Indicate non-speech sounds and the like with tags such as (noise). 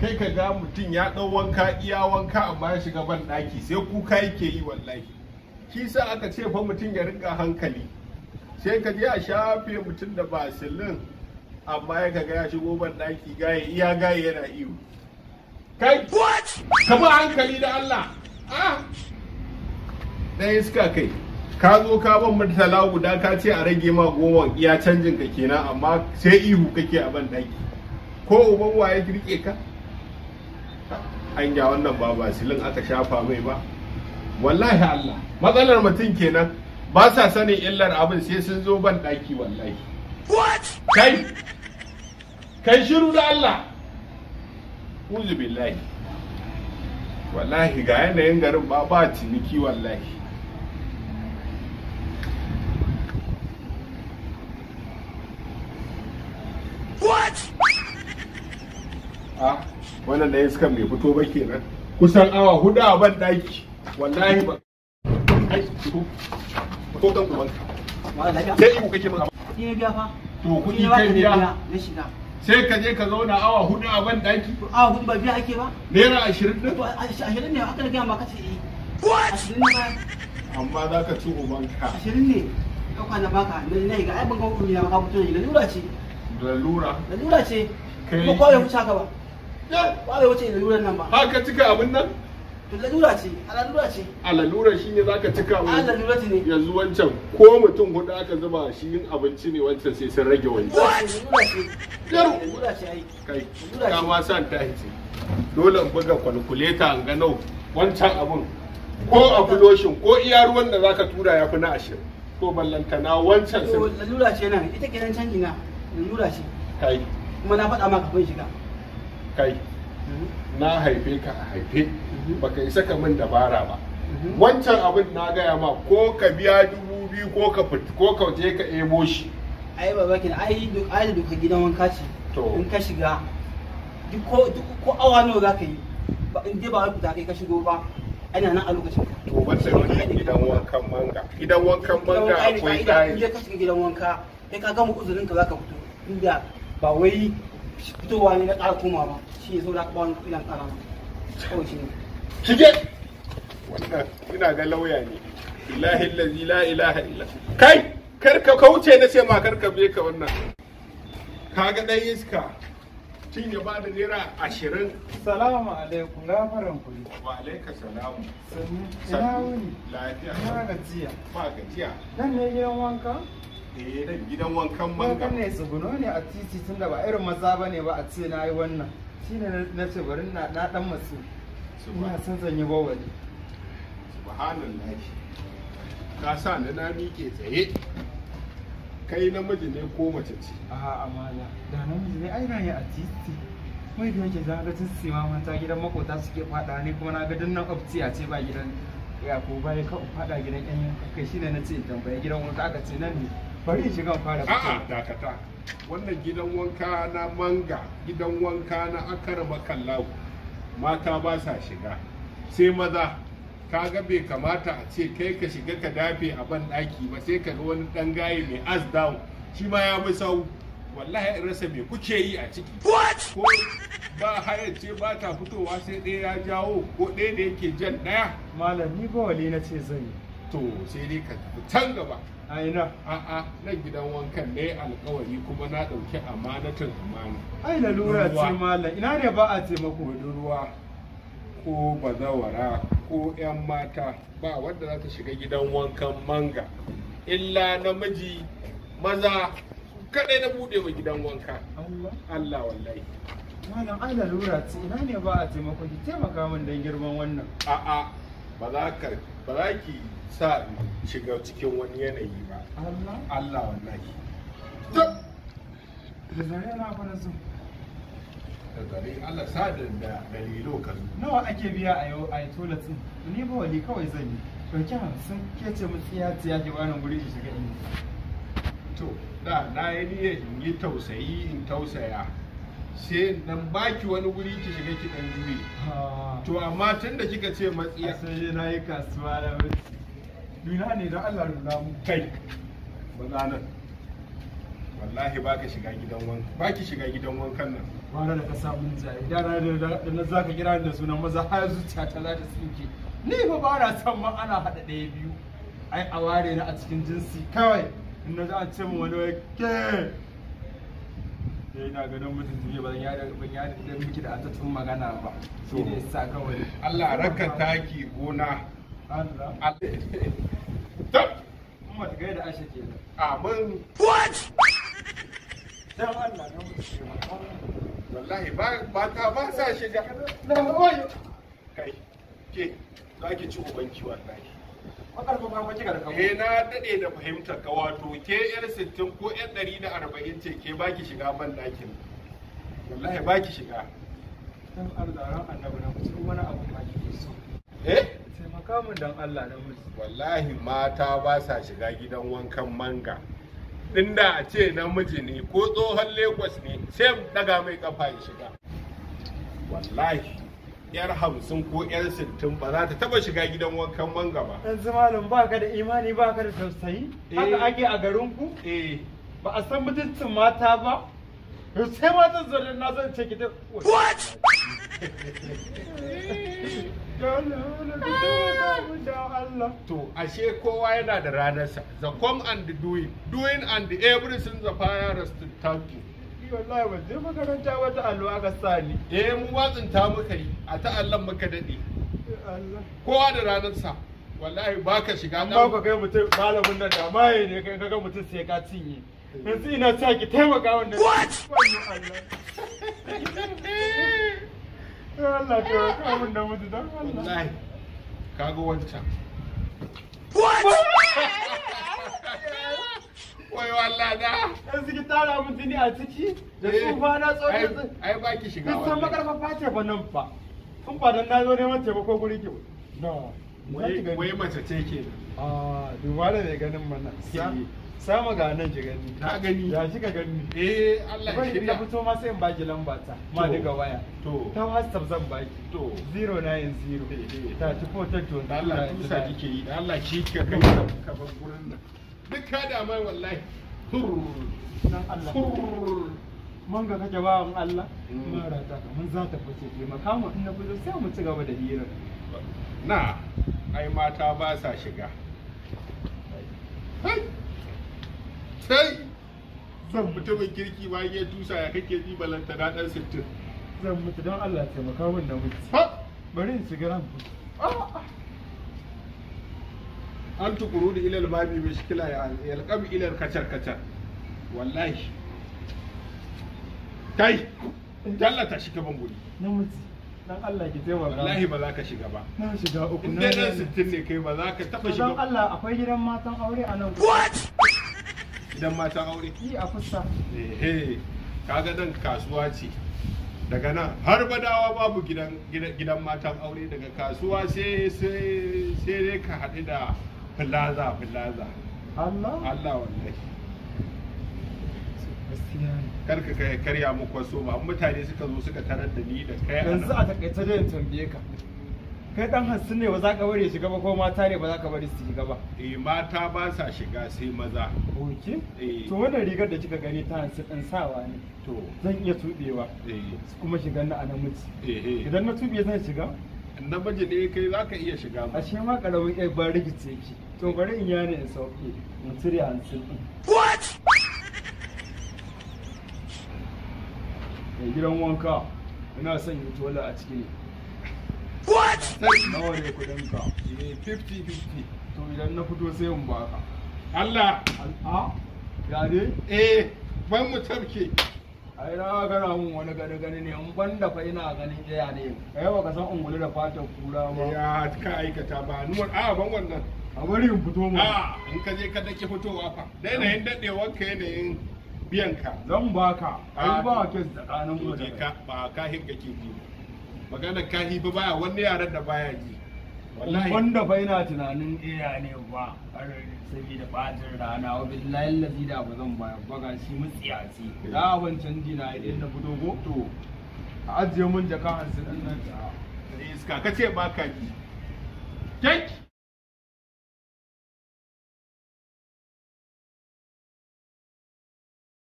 kai ka ga mutum ya ɗau wanka iya wanka amma ya shiga ban ɗaki sai kuka yake yi wallahi shi sa aka ce fa mutum ya rinka hankali sai ka je a shafe mutum da basilin amma ya kaga ya shigo ban ɗaki gaye iya gaye yana iyo kai ka hankali da Allah Ɗan ah! ɗaya iska kai ka zo ka ban murtala guda ka ce a rage ma goma iya canjin ka kenan amma sai ihu kake a ban ɗaki ko uban waye girke ka hanya wannan ba basilin aka shafa mai ba wallahi Allah matsalar mutum kenan ba sa sanin illar abin sai sun zo ban daki wallahi kai kai shiru da Allah uzu billahi wallahi ga yanayin garin ba ba ciniki wallahi what ah wannan ya iskan mai fito ba ke nan. kusan awa hudu a ban daki wallahi ba ai fito ko kan uban sai iku kake min ne biya fa to kuɗi kai biya na shiga sai ka je ka zauna awa hudu a ban daki awa hudu ba biya ake ba naira ashirin din to ashirin ne aka gaya ma ka ce eh. ashirin ne ba. amma za ka ci ubanka ashirin ne ka kwana baka na yi ga ai ban ga hukumi na ka fito ne lura ce lura. lalura lura ce kuma kawai ya wuce haka ba ba zai wuce lalurar nan ba haka cika abin nan lalura ce A alalura ce A alalura shi ne zaka cika mu alalura ne yanzu wancan ko mutum hudu aka zuba shi yin abinci ne wancan sai sun rage wani lalura ce ai kai ka ma san ta ce dole in buga kwalkuleta in ga nau wancan abin, ko a fuloshin ko iya ruwan da zaka tura ya fi na ashirin ko ballantana wancan sai lalura ce nan ita kenan canji na lalura ce kai kuma na faɗa maka kun shiga kai na haife ka a haife baka isa ka min dabara ba wancan abin na gaya ma ko ka biya dubu biyu ko ka fita ko ka je ka ebo shi ai baba kin ai duk ai duk gidan wanka ce in ka shiga duk ko duk ko awa nawa zaka yi in dai ba fita kai ka shigo ba ana nan a lokacin ka to ba sai gidan wankan manga gidan wankan manga akwai tsari in ka shiga gidan wanka kai ka gama uzurin ka zaka fito inda ba wai fitowa ne na ƙara koma ba shi ne saboda ba wani kuɗin ƙara ba kawai shi ne shige wannan ina ga lauya ne billahi allazi la ilaha illa kai kar ka kauce na ce ma kar ka be ka wannan Ka ga dan iska cin ya ba da naira ashirin. Salamu alaikum, na faran kuɗi. Wa alaika salamu. Sannu, ina wuni? Lafiya. Ba gajiya. Ba gajiya. Dan ne gidan wanka? eh da gidan wankan manga wankan ne tsuguno ne a titi tunda ba irin maza bane ba a ce na yi wannan shine na ce bari na na dan matsu ina son zan yi bawali subhanallah ka sa na na mike tsaye kai namiji ne ko mace ce a amala da namiji ne ai raye a titi mai da yake zaga tun sima mata gidan makota suke fada ne kuma na ga dinnan optiya ce ba gidan ya ko baya ka fada gidan yan kai shine na ce tambaye gidan wani aka ce nan ne bari shiga fara a'a dakata wannan gidan wanka na manga gidan wanka na akar makallahu mata ba sa shiga sai maza kaga bai kamata a ce kai ka shiga ka dafe a ban daki ba sai ka ga wani dan gaye mai as down shi ma ya bi sau wallahi in rasa me kuke yi a ciki ko ba hayar ce ba ta fitowa sai ɗaya ya jawo ko ɗaya da yake jan ɗaya malam ni ba wale na ce zan yi to sai dai ka can gaba a a'a nan gidan wankan ne alkawari kuma na ɗauki amanatin amana ai lura ce malam ina ne ba a taimako budurwa ko bazawara ko 'yan mata ba wanda za ta shiga gidan wankan manga illa namiji maza kadai na bude wa gidan wanka Allah Allah, wallahi malam ai lura ce ina ne ba a taimako ki taimaka min dan girman wannan a'a ba za ka ba za ki sa shiga cikin wani yanayi ba Allah wallahi da zare na fara zo da zare Allah sa da dalilo ka zo nawa ake biya a yau a toilet din ni ba wali kawai zan yi dauki hamsin ke ce mu tsiya tsiya ke wani guri shi shiga in to da na yi niyyar in yi tausayi in tausaya sai nan baki wani wuri ki shiga ki dan juye to amma tun da kika ce matsiya sai dai nayi kasuwa da wuce duna ne don Allah nuna mu kai ba nan wallahi ba ka shiga gidan wanka. ba ki shiga gidan wankan nan wara da ka samu jaye da na za ka kira da sunan maza har zuciya ta za ta tsinke ni fa ba na san ma ana hada ɗaya biyu ai a ware na a cikin jinsi kawai in na za a ce mu wani ke sai na ganin mutum jiya ban ya ban da miki da atatun magana ba shine sa kawai Allah raka taki gona Allah tab kuma ta gaida Aisha kenan amin what dan Allah dan wallahi ba ba ta ba sa shiga na wayo kai ke za ki ci ubanki wallahi Eh na daɗe da fahimtar ka wato ke yar sittin ko yar ɗari da arba'in ce ke baki shiga ban ɗakin. Wallahi baki shiga. Dan arzaran annabi na kusa wani abu ba ki so. Eh? Taimaka min dan Allah na miji. Wallahi mata ba sa shiga gidan wankan manga. Inda a ce namiji ne ko tsohon Lagos ne sai daga mai kafa ya shiga. Wallahi. yar hamsin ko yar sittin ba za ta taba shiga gidan wankan manga ba yanzu malam ba ka da imani ba ka da tausayi haka eh. ake a garin ku eh. ba a san mutuncin mata ba sai zan zolen na zan ce gidan. what (laughs) To, ashe kowa yana da ranarsa, the come and the doing, doing and the everything the fire is to wallahi ba je makaranta wata ta allo Sani. eh mu watsin ta muka yi a ta allon muka dade kowa da ranar sa wallahi ba ka shiga nan ba ka kai mutum malamin nan da maye ne kai kaga mutum sai ka cinye yanzu ina sa ki taimaka wannan what Allah ka kawo da mutu dan wallahi kaga wancan what (laughs) Wai wallah da. Yan suke tara mun jini a ciki da eh, tsufa na tsoron. Ai ba ki shiga wannan. Kusan makarfafa ce fa nan fa. Tun ba na zo neman taimako guri ki. No. Wai mace ce ke. Ah, mai ganin mana. Sama eh. ga nan ki gani. Ta gani. Ya kika gani. Eh, Allah ya shirya. Ka fito ma sai in baki lamba ta. Ma daga waya. To. Ta WhatsApp zan baki. To. 090. Ta ci ta to. Allah tusa kike yi. Allah ki ka kai ka bar gurin nan. duk ka da wallahi nan Allah mun ga kake bawan Allah mara mm. ta mun za ta fice ke makamu mu na fito sai mu ci gaba da hira na ai mata ba sa shiga sai zan mutumin kirki ba ya tusa ya kake ji balanta na dan sittin zan mutu don Allah taimaka min da mutu bari in shiga ran ah, ah. an tukuru da ilal babi bi shikila ya yalqab ilal kacar kacar wallahi kai tallata shi gaban guri namiji dan Allah ki taimaka wallahi ba za ka shiga ba na shiga uku na dan 60 ne kai ba za ka taba shiga dan Allah akwai gidan matan aure a nan gidan matan aure yi a fusta eh, eh. kaga dan kasuwa ce daga nan har badawa babu gidan matan aure daga kasuwa sai sai ka haɗu da plaza plaza Allah Allah wallahi karka kai karya muku wasu ba mutane suka zo suka tarar da ni da kai yanzu a takaice da tambaye ka kai dan hansu ne ba za ka bari shiga ba ko mata ne ba za ka bari su shiga ba eh mata ba sa shiga sai maza oke eh. to wannan rigar da kika gani ta hansu dan sawa ne to zan iya tubewa eh. kuma shigan na a namiji eh, idan na tube zan shiga namiji ne kai za ka iya shiga ba. Ashe ma karamin ƴar ba ce ki. To bari in yana in sauke in cire hansin. What? Mai gidan wanka ina son yi tola a ciki ne. What? Nawa ne kuɗin ka? Me eh, 50 50. To idan na fito sai in baka. Allah! Al'a? Ah? Ya Eh, ban mu tarke. ai na gana mun wani gani gani ne in ban da fa ina ganin jaya ne kai ba ka san ungulu da fatan kura ma ya ka aikata ba nuwar a ban wannan a bari in fito ma a in ka je ka dake fitowa fa da yanayin dadewar ka yanayin biyan ka zan baka ai ba kes tsakanin mu da ka ba ka ka ke ji magana kahi ba baya wani yaran da baya ji wanda fa na tunanin iya eh, ne ba saboda bacin rana wa billahi lafi da ba zan bayar ba ga shi mutsiyaci da wancan na idan na fito ko to a ajiye mun jaka hansu ɗan nan ta iska kace ba ka ji